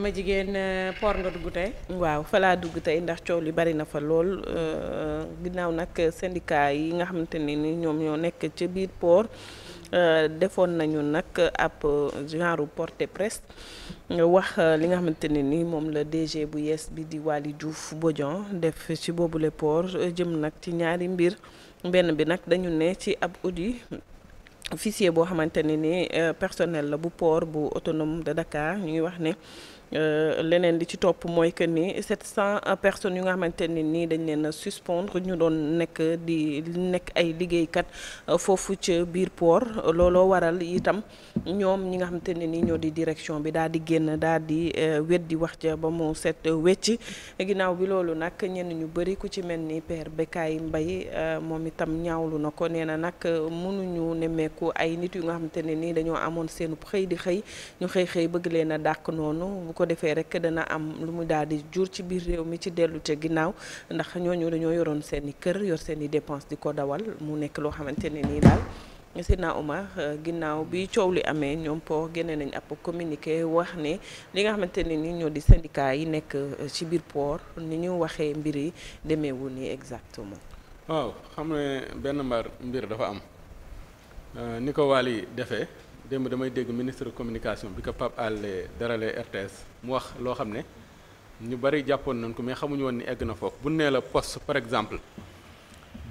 ma jigéen euh, port nga dugg tey. waaw fa dugg tey ndax coow li bari na fa lool euh, ginnaaw nag syndicat yi nga xamante ne ni ñoom ñoo nekk ca biir port euh, defoon nañu nag ab genre porte presse wax li nga xamante ne ni moom la DG bu yees bi di Waly Diouf Bodian def ci boobule port jëm nag ci ñaari mbir benn bi nag dañu ne ci ab audit. fichier boo xamante ne ni personnel la bu port bu autonome de Dakar ñuy wax ne Euh, leneen li ci topp mooy que ni 700 personnes yu nga xamante ne nii dañ leen a suspendre ñu doon nekk di nekk ay liggéeykat euh, foofu ca biir port looloo waral itam ñoom ñi nga xamante ne nii ñoo di direction bi daal di génn daal di euh, weddi wax ja ba mu set wecc ginnaaw bi loolu nag ñenn ñu bëri ku ci mel ni père Bekaay Mbaye moom itam ñaawlu na ko nee na nag mënuñu nemmeeku ay nit yu nga xamante ne nii dañoo amoon seen xëy di xëy ñu xëy xëy bëgg leen a dàq noonu. ko defee rek dana am lu mu daal di jur ci biir réew mi ci dellu te ginnaaw ndax ñooñu dañoo yoroon seen i kër yor seen i dépense di ko dawal mu nekk loo xamante ne nii daal. Seydina Omar euh, ginnaaw bi coow li amee ñoom po génne nañ ab communiqué wax ne li nga xamante ne ni ñoo di syndicat yi nekk euh, ci biir port ni ñu waxee mbir yi demeewu nii exactement. waaw xam ne benn mbar mbir dafa am euh, ni ko Waly defe démb damay dégg ministre communication bi ko Pape Alé daralee RTS mu wax loo xam ne ñu bari jàppoon nañ ko mais xamuñu woon ni egg na foofu bu nee la post par exemple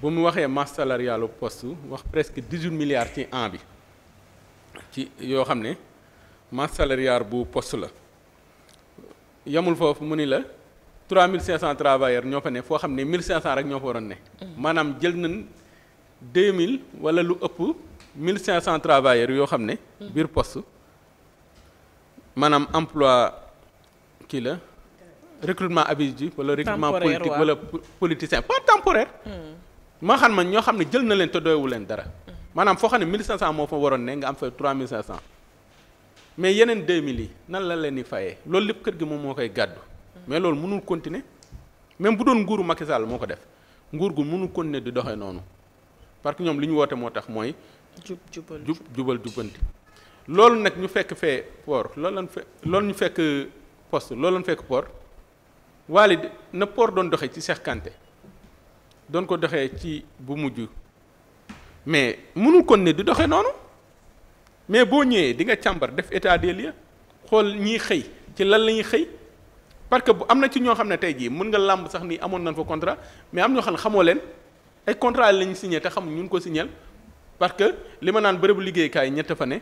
bu mu waxee masse salariale poste wax presque 18 milliards ci en bi ci yoo xam ne masse bu post la yamul foofu mu ni la 3500 travailleurs ñoo fa ne foo xam ne 1500 rek ñoo fa waroon ne mm. maanaam jël nañ mille wala lu ëpp mille cinq cent travailleurs yoo xam ne. biir poste maanaam emploi kii la recrutement abusif wala recrutement politique wala politicien pas temporaire. Hmm. maa xam man ñoo xam ne jël na leen te doyewu leen dara. maanaam foo xam ne mille cinq cent moo fa waroon ne nga am fa trois mille cinq cent mais yeneen deux mille yi nan la leen di fayee loolu lépp kër gi moom moo koy gàddu. Hmm. mais loolu mënul continuer même bu doon nguuru Macky Sall moo ko def nguur gu mënul continuer di doxee noonu parce que ñoom li ñu woote moo tax mooy. jub jubal jub jubal jubanti loolu nag ñu fekk fee poor loolu lañ fe loolu ñu fekk poste loolu lañ fekk port waali na port doon doxe ci Cheikh Kanté doon ko doxe ci bu mujj mais mënul kon ne di doxe noonu mais boo ñëwee di nga càmbar def état des lieux xool ñiy xëy ci lan la ñuy xëy parce que bu am na ci ñoo xam ne tey jii mën nga làmb sax ni amoon nañ fa contrat mais am ñoo xam ne xamoo leen ay contrat lañu signé te xam ñun ko signal parce que li ma naan bërëbu liggéeykaay ñett fa ne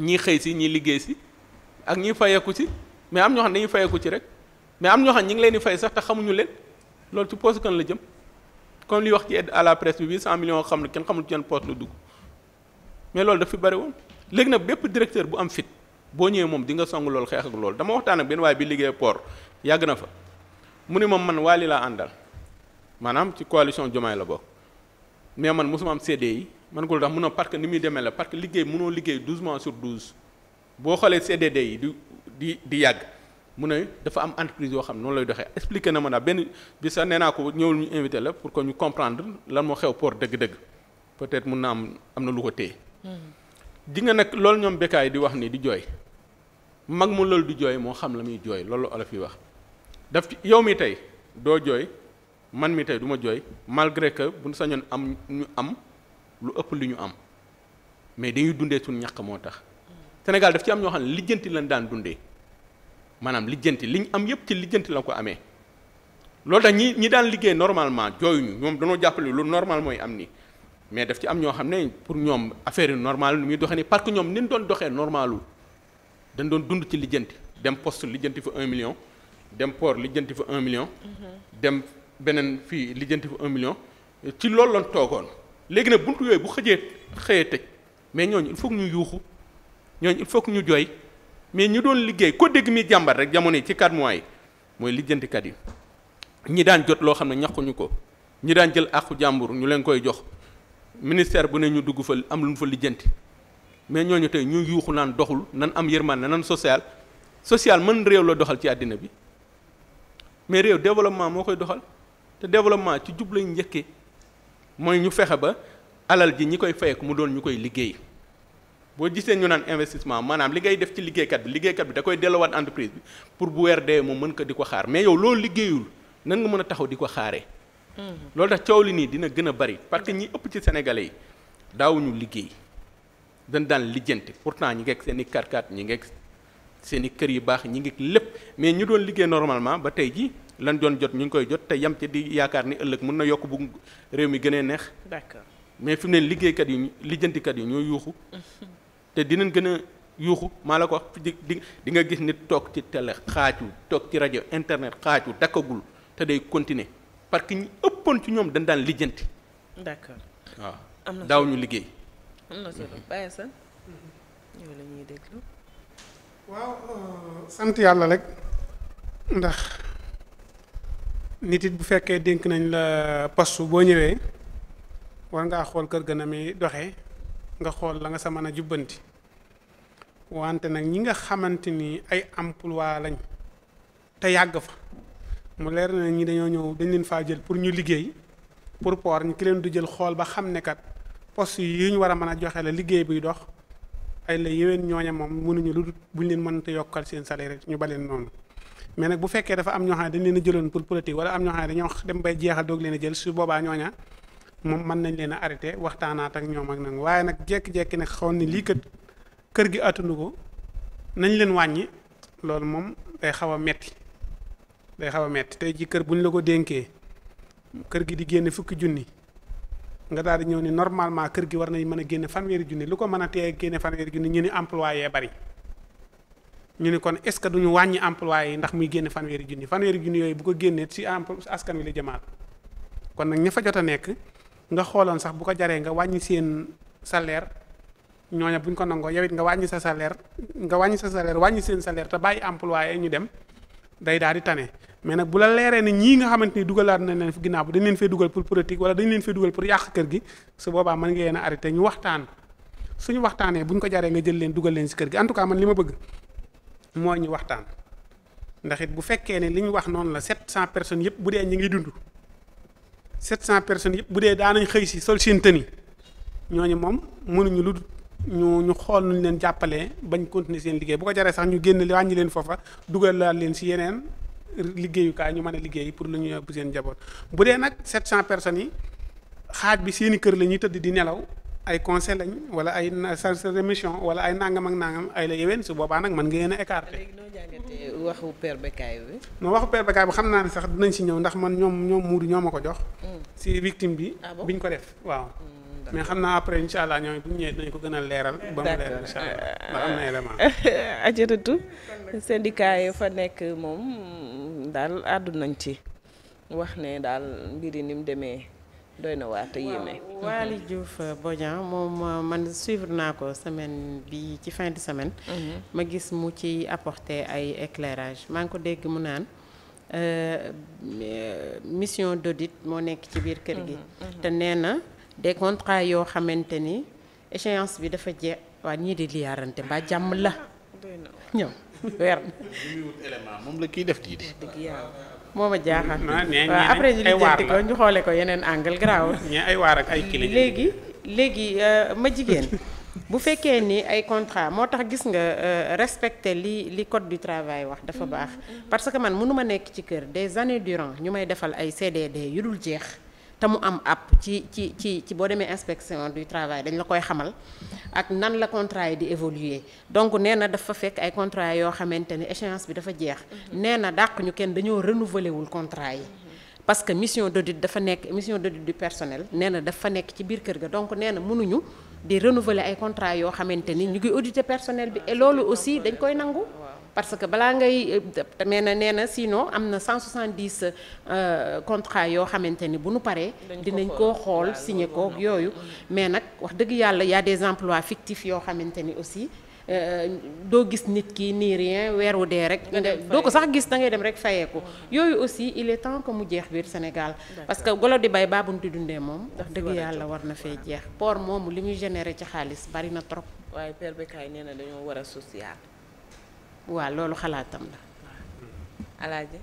ñii xëy si ñii liggéey si ak ñii fayeeku si mais am ñoo xam ne dañuy fayeeku ci rek mais am ñoo xam ñi ngi leen di fay sax te xamuñu leen loolu ci poste kan la jëm kon li wax ci aide à la presse bi 800 million xam ne kenn xamul ci yan poste la dugg mais loolu daf fi bëri léegi nag bépp directeur bu am fit boo ñëwee moom di nga song loolu xeex ak loolu dama waxtaan ak benn waaye bi liggéey poor yàgg na fa mu ne moom man waali laa àndal maanaam ci coalition Diomaye la bokk mais man mosuma am CDI man koo tax mun a parce que ni muy demee la parce que liggéey munoo liggéey 12 mois sur 12 boo xoolee CDD yi di di di yàgg mu ne dafa am entreprise yoo xam ne noonu lay doxe expliqué na ma daal benn bi sax nee naa ko ñëwul ñu invité la pour que ñu comprendre lan moo xew port dëgg-dëgg peut-être mun na am am na lu ko tee hmm. di nga nag loolu ñoom bekkaay di wax ni di jooy mag mu loolu di jooy moo xam la muy jooy loolu olof yi wax daf yow mi tey doo jooy man mi tey du ma jooy malgré que buñ sañoon am ñu am. lu ëpp li ñu am mais dañuy dundee suñu ñàkk moo tax Sénégal daf ci am ñoo xam ne lijjanti lañ daan dundee maanaam lijjanti liñ am yëpp ci lijjanti la ko amee loolu tax ñi ñi daan liggéey normalement jooyuñu ñoom dañoo jàppale lu normal mooy am ni mais daf ci am ñoo xam ne pour ñoom affaire yi normal nu muy doxee ni parce que ñoom ni ñu doon doxee normalul dañ doon dund ci lijjanti dem poste lijjanti fa un million dem port lijjanti fa un million mhm. dem beneen fi lijjanti million ci loolu lañ toogoon léegi nag buntu yooyu bu xëjee xëyee tëj mais ñooñu il faut ñu yuuxu ñooñu il faut ñu jooy mais ñu doon liggéey ko dégg mi jàmbat rek jamono yi ci 4 mois yi mooy lijjantikat yi ñi daan jot loo xam ne ñaxuñu ko ñi daan jël àqu jàmbur ñu leen koy jox ministère bu ne ñu dugg fa am lu mu fa lijjanti mais ñooñu tey ñu yuuxu naan doxul nan am yërmande nan social social mën réew la doxal ci àddina bi mais réew développement moo koy doxal te développement ci jub lañ mooy ñu fexe ba alal ji ñi koy fayeku mu doon ñu koy liggéey boo gisee ñu naan investissement maanaam li ngay def ci liggéeykat bi liggéeykat bi da koy delluwaat entreprise bi pour bu weer dee moom mën ko di ko xaar mais yow loolu liggéeyul nan nga mën a taxaw di ko xaaree. Mm-hmm. loolu tax coow li nii dina gën a bari parce que ñi ëpp ci sénégalais yi daawuñu liggéey dañ daan lijjanti pourtant ñi ngeeg seen i karkat ñi ngeeg seen i kër yi baax ñi ngi lépp mais ñu doon liggéey normalement ba tey ji lan doon jot ñu ngi koy jot te yam ca di yaakaar ni ëllëg mën na yokk bu réew mi gënee neex. d'accord mais fi mu ne liggéeykat yu lijjantikat yu ñoo yuuxu. te dinañ gën a yuuxu maa la ko wax di di nga gis nit toog ci télé xaaju toog ci rajo internet xaaju dakkagul te day continuer parce que ñi ëppoon ci ñoom dañ daan lijjanti. d'accord waaw daaw ñu liggéey. na solo bàyyi sa yow sant yàlla rek ndax nit it bu fekkee dénk nañ la poste boo ñëwee war ngaa xool kër gën a mi doxee nga xool la nga sa mën a jubbanti wante nag ñi nga xamante ni ay emploi lañ te yàgg fa mu leer na ñi dañoo ñëw dañ leen faa jël pour ñu liggéey pour port ñu ki leen du jël xool ba xam ne kat poste yi ñu war a mën a joxe la liggéey buy dox ay la yéwén ñooña moom mënuñu lu dul buñ leen mënta yokkal seen salaire ñu baleen noonu mais nag bu fekkee dafa am ñoo xam ne dañ leen jëloon pour politique wala am ñoo xam ne dañoo dem bay jeexal doog leen a jël su boobaa ñooña moom mën nañ leen a arrêté waxtaanaat ak ñoom ak nag waaye nag jekki-jekki nag xawoon ni lii kat kër gi atunu ko nañ leen wàññi loolu moom day xaw a metti day xawa a metti tey jii kër bu ñu la ko dénkee kër gi di génne fukki junni nga daal di ñëw ni normalement kër gi war nañ mën a génne fanweeri junni lu ko mën tee génne fanweeri junni ñu ni employé bari ñu ni kon est ce que duñu wàññi employé yi ndax muy génne fanweeri junni fanweeri junni yooyu bu ko génnee ci askan wi la jëmaat kon nag ña fa jot a nekk nga xooloon sax bu ko jaree nga wàññi seen salaire ñooña nangoo yow it nga wàññi sa salaire nga wàññi sa salaire wàññi seen salaire te bàyyi employé ñu dem day daal di tane mais nag bu la leeree ne ñii nga xamante ni dugalaat nañ leen fi ginnaaw bi dañ leen fee dugal pour politique wala dañ leen fee dugal pour yàq kër gi su boobaa mën nga yéen a arrêté ñu waxtaan suñu waxtaanee buñ ko jaree nga jël leen leen si kër gi en tout cas man li ma moo ñu waxtaan ndax it bu fekkee ne li ñu wax noonu la sept cent personnes yëpp bu dee ñu ngi dund sept cent personnes yëpp bu dee daanañ xëy si sol seen tëni ñooñu moom mënuñu lu ñu ñu xool nuñ leen jàppalee bañ continuer seen liggéey bu ko jaree sax ñu génn wàññi leen foofa dugal laal leen si yeneen liggéeyukaay ñu mën a liggéey pour lu ñu yóbbu seen njaboot bu dee nag sept cent personnes yi xaaj bi seeni kër la ñuy tëdd di nelaw ay conseil lañ wala ay charge sa mission wala ay nangam ak nangam ay la yeween su boobaa nag mën ngeen a écarté. léegi noo jàngatee waxu père Bekaay bi. non waxu père Bekaay bi xam naa ne sax dinañ si ñëw ndax man ñoom ñoom Mourou ñoo ma ko jox. Mm. si victime bi. Ah biñ ko def waaw. Mm, mais xam naa après incha allah ñoom bu ñu ñëwee dinañ ko gën a leeral. ba mu leeral incha allah ndax yi fa nekk moom daal àddu nañ ci wax ne daal mbiri ni mu demee. doy na waa te yéeme. Waly Diouf euh, Bodian moom euh, man suivre naa ko semaine bi ci fin de semaine. Mhm. ma gis mu ci apporte ay éclairage maa ngi ko dégg mu naan. Euh, mission d'audit moo nekk ci biir kër gi. Mhm, mhm. te nee na des contrats yoo xamante ni échéance bi dafa jeex waa ñii di liyaarante mbaa jàmm la. ñëw weer. moom la kiy def di moo ma jaaxal waaw après ñu lijjanti ko ñu xoole ko yeneen angle garaawul ay waar ak léegi léegi euh, ma jigéen bu fekkee ni ay contrat moo tax gis nga euh, respecter li li code du travail wax dafa baax mm-hmm. parce que man mënuma nekk ci kër des années durant ñu may defal ay cd yu dul jeex te mu am app ci ci ci ci boo demee inspection du travail dañ la koy xamal ak nan la contrat yi di évoluer donc nee na dafa fekk ay contrat yoo xamante ne échéance bi dafa jeex mhm. nee na dàq ñu kenn dañoo renouveler wul contrat yi mhm. parce que mission d'audit dafa nekk mission d'audit du personnel nee na dafa nekk ci biir kër ga donc nee na mënuñu di renouveler ay contrat yoo xamante ni ñu ngi auditer personnel bi et loolu aussi dañ koy nangu parce que balaa ngay demee euh, na nee na sinon am na 170 euh, contrat yoo xamante ni bu nu paree. dinañ koo xool signé ko yooyu. mais nag wax dëgg yàlla yaa a des emplois fictifs yoo xamante ni aussi. Euh, doo gis nit ki nii rien wu dee rek doo ko sax gis da ngay dem rek fayeeku yooyu aussi il est temps que mu jeex biir Sénégal parce que golo di bay baabun di dundee moom ndax dëgg yàlla war na fee jeex pour moomu li muy généré ci xaalis bari na trop waaye Père Bekaay nee na dañoo war a social waa loolu xalaatam la waaw. alaaji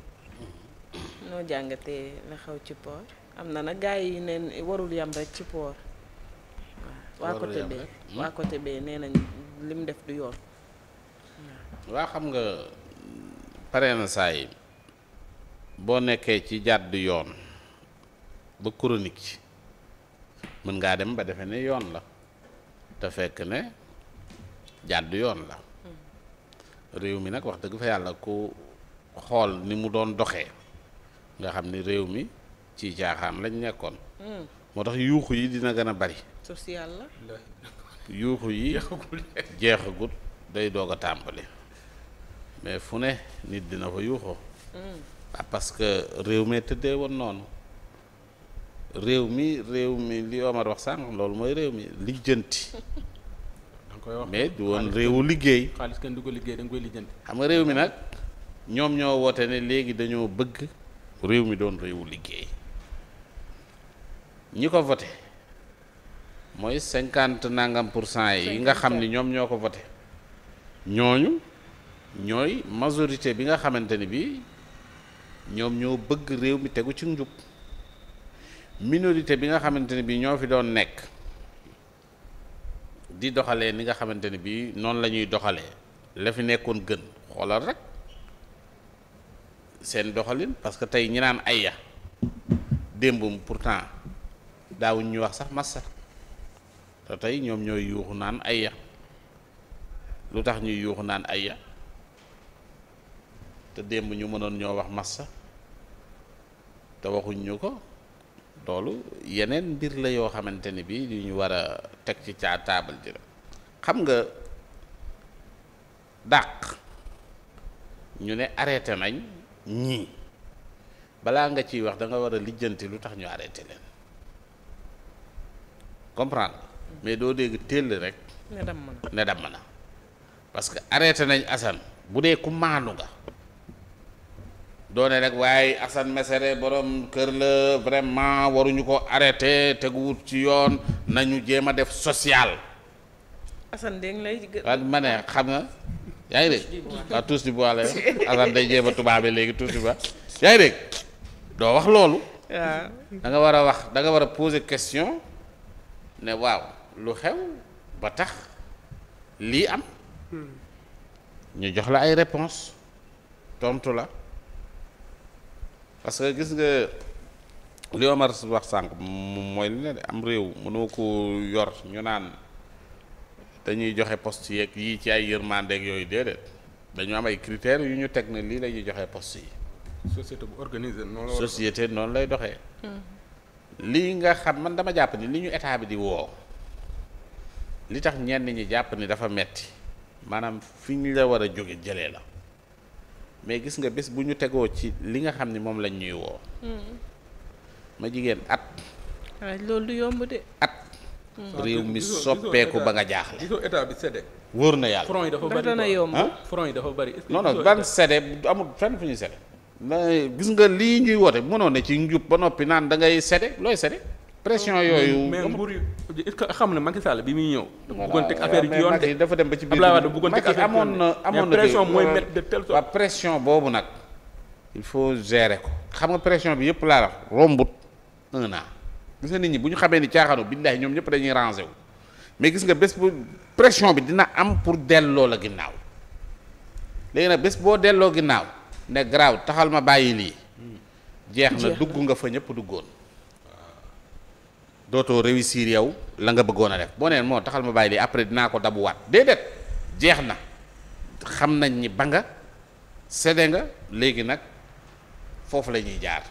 noo jàngatee la xew ci port am na na gars yi ne warul yam rek ci port. waa côté B hmm? waa côté B nee nañ li def du yoon. Hmm. waa xam nga pare na saa yi boo nekkee ci jàdd yoon ba chronique ci mën ngaa dem ba defe ne yoon la te fekk ne jàdd yoon la. réew mi nag wax dëgg fa yàlla ku xool ni mu doon doxee nga xam ni réew mi ci jaaxaan lañ nekkoon. Hmm. moo tax yuuxu yi dina gën a bari. social la. yuuxu yi jeexagut day doog a tàmbali mais fu ne nit dina fa yuuxoo. Hmm. ah parce que réew mi tëddee woon noonu réew mi réew mi li Omar wax sànq loolu mooy réew mi lijjanti. mais du woon réewu liggéey. xaalis kenn ko liggéey da koy lijjanti. xam nga réew mi nag ñoom ñoo woote ne léegi dañoo bëgg réew mi doon réewu liggéey ñi ko voté mooy cinquante nangam pour cent yi nga xam ni ñoom ñoo ko voté ñooñu ñooy majorité bi nga xamante ni bi ñoom ñoo bëgg réew mi tegu ci njub minorité bi nga xamante ni bi ñoo fi doon nekk. di doxalee ni nga xamante ne bii noonu la ñuy doxalee la fi nekkoon gën xoolal rek seen doxalin parce que tey ñi naan ay ya démbum pourtant daawuñ ñu wax sax massa te tey ñoom ñooy yuuxu naan ay lu tax ñuy yuuxu naan ay ya te démb ñu mënoon ñoo wax massa te waxuñ ko loolu yeneen mbir la yoo xamante ni bi yu ñu war a teg ci caa taabal ji la xam nga dàq ñu ne arrêté nañ ñii balaa nga ciy wax danga nga war a lijjanti lu tax ñu arrêté leen comprendre mm-hmm. mais doo dégg téll rek ne damm na parce que arrêté nañ Assane bu dee ku maanu nga doone rek waaye Assane Mesere borom kër la vraiment waruñu ko arrêté teguwut ci yoon nañu jéem a def social. Assane dégg lay gë. xam nga yaa ngi dégg. waaw day jéem a tubaabe léegi tous di bois yaa ngi dégg doo wax loolu. danga war a wax danga war a poser question ne waaw lu xew ba tax lii am. Hmm. ñu jox la ay réponse tontu la. parce que gis nga li Omar wax sànq mooy li ne am réew mënoo ko yor ñu naan dañuy joxe poste yeeg yii ci ay yërmandeeg yooyu déedéet dañu am ay critères yu ñu teg ne lii la ñuy joxe poste yi. société bu organisée noonu la noonu lay doxee. Hmm. lii nga xam man dama jàpp ni li ñu état bi di woo li tax ñenn ñi jàpp ni dafa metti maanaam fi ñu la war a jóge jëlee la. mais gis nga bés bu ñu tegoo ci li nga xam ni moom lañ ñuy woo. Hmm. ma jigéen at. waaw ah, loolu du yomb de. at. Hmm. Ah, réew mi soppeeku ba nga jaaxle. gisoo état bi séddee. wóor na yàlla front yi dafa bari dana yomb front yi dafa bari. non non ban séddee amul fenn fu ñuy séddee. gis nga lii ñuy woote mënoon ne ci njub ba noppi naan dangay ngay looy séddee. pression yooyu. mais nguur xam na Macky Sall bi muy ñëw. dafa bëggoon teg affaire yi ci yoon de ba ci biir Abdoulaye Wade bëggoon teg mooy mettre de telle sorte. waaw boobu nag il faut gérer ko xam nga pression bi yëpp laa la rombut un an nit ñi bu ñu xamee ni caaxaanu billahi ñoom ñëpp dañuy rangé wu mais gis nga bés bu pression bi dina am pour delloo la ginnaaw léegi nag bés boo delloo ginnaaw ne garaaw taxal ma bàyyi lii hmm. na dugg nga fa ñëpp duggoon dootoo réussir yow la nga bëggoon a def boo neen moo taxal ma bàyyi lii après dinaa ko dabuwaat déedéet jeex na xam nañ ni ba nga séddee nga léegi nag foofu la ñuy jaar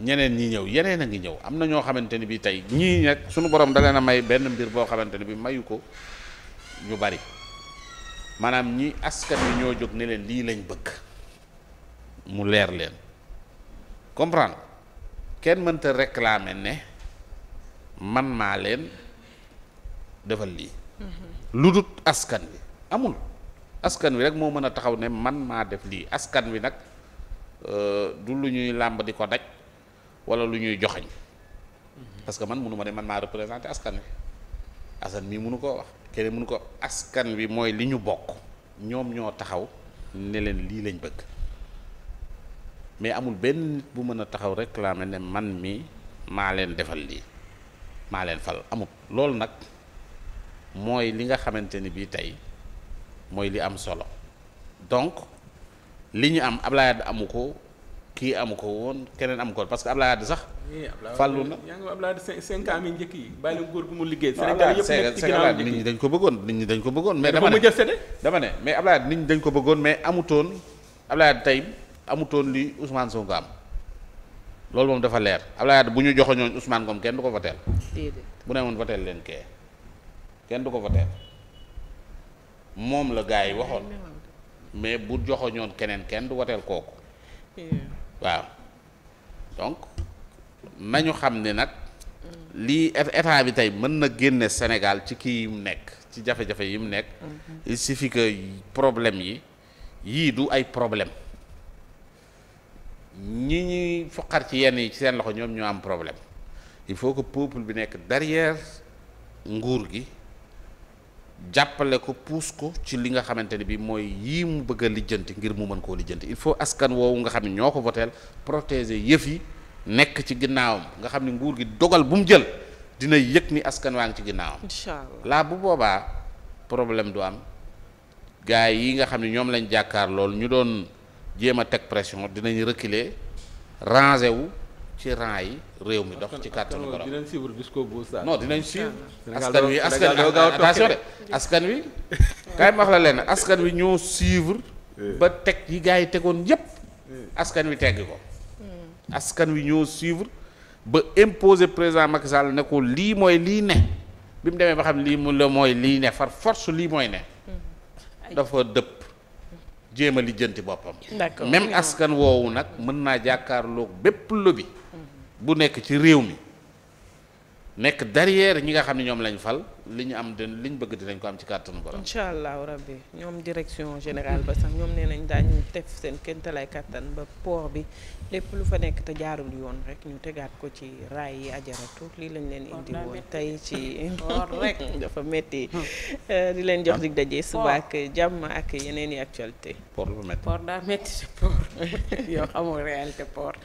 ñeneen ñi ñëw yeneen a ngi ñëw am na ñoo xamante ni bi tey ñii nag suñu borom da na may benn mbir boo xamante ni bi mayu ko ñu bari maanaam ñi askan wi ñoo jóg ni leen lii lañ bëgg mu leer leen comprendre kenn mënta réclamer ne man maa leen defal lii lu dut askan wi amul askan wi rek moo mën a taxaw ne man maa def lii askan wi nag euh, du lu ñuy làmb di ko daj wala lu ñuy joxañ parce que man mënu ma ne man maa représenté askan wi askan mii mënu koo wax keneen mënu ko askan wi mooy li ñu bokk ñoom ñoo taxaw ne leen lii lañ bëgg mais amul benn nit bu mën a taxaw réclamer ne man mii maa leen defal lii maa leen fal amut loolu nag mooy li nga xamante ni bii tey mooy li am solo donc li ñu am Ablaye laa amu ko kii amu ko woon keneen amu ko woon parce que sax. fàllu na yaa ngi Ablaye Wade cinq ans mi mu liggéey. Sénégal yëpp dañ ko bëggoon nit ñi dañ ko bëggoon. mais dama ne dama ne mais Ablaye Wade dañ ko bëggoon mais amutoon Ablaye Wade tey amutoon li Ousmane Sonko am. loolu moom dafa leer Abdoulaye Wade bu ñu joxoñoon Ousmane Ngom kenn du ko voteel bu ne woon voteel leen kee kenn du ko voteel moom la gars yi waxoon mais bu joxoñoon keneen kenn du voteel kooku waaw donc nañu xam ne nag lii état bi tey mën na génne Sénégal ci kii mu nekk ci jafe-jafe mu nekk mm-hmm. il suffit que problème yi yii du ay problème ñi ñuy foqar ci yenn yi ci seen loxo ñoom ñoo am problème il faut que peuple bi nekk derrière nguur gi jàppale ko puus ko ci li nga xamante ne bi mooy yii mu bëgg a lijjanti ngir mu mën koo lijjanti il faut askan woowu nga xam ne ñoo ko voteel protéger yëf yi nekk ci ginnaawam nga xam ne nguur gi dogal bu mu jël dina yëg ni askan waa ngi ci ginnaawam inchallah laa bu boobaa problème du am gars yi nga xam ne ñoom lañ jàkkaar loolu ñu doon jéem a teg pression dinañu reculer ranger wu ci rang yi réew mi dox ci kattan borom dinañ suivre jusqu'au bout dinañ suivre askan wi askan wi attention de askan kaay ma wax la leen eh. eh. hmm. askan wi ñoo suivre ba teg yi gars yi tegoon yépp askan wi tegg ko askan wi ñoo suivre ba impose président Macky Sall ne ko lii mooy lii ne bi mu demee ba xam lii mu la mooy lii ne far force lii mooy ne hmm. dafa dëpp jéem a lijjanti boppam. d'accord même askan woowu nag mën naa jàkkaarloog bépp lobby bu nekk ci réew mi. nekk derrière ñi nga xam ne ñoom lañ fal li ñu am din li ñu bëgg dinañ ko am ci kàttanu borom. incha allahu rabbi ñoom direction générale ba sax ñoom nañu daan ñu teg seen kéemtalaay kàttan ba port bi lépp lu fa nekk te jaarul yoon rek ñu tegaat ko ci raay yi ajaratu lii lañ leen indi woon tey ci rek dafa metti hmm. euh, di leen jox ah, dig daje suba ak jàmm ak yeneen yi actualité port dafa metti port daa metti si port yow xamul réalité port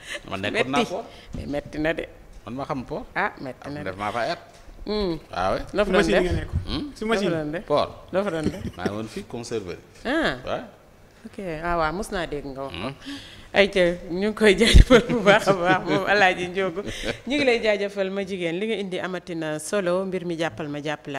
metti na de man ma xam port. ah métti na def maa fa air. waaw hmm. ah la hmm? fa doon def nga si machine port la fa doon def. maa ngi fii conserverie. ah ok ah mos naa dégg nga wax ko. Hmm? ayca ñu ngi koy jaajëfal bu baax a baax moom Alaaji Njóogu ñu ngi lay jaajëfal ma jigéen li nga indi amatina solo mbir mi jàppal ma jàppale.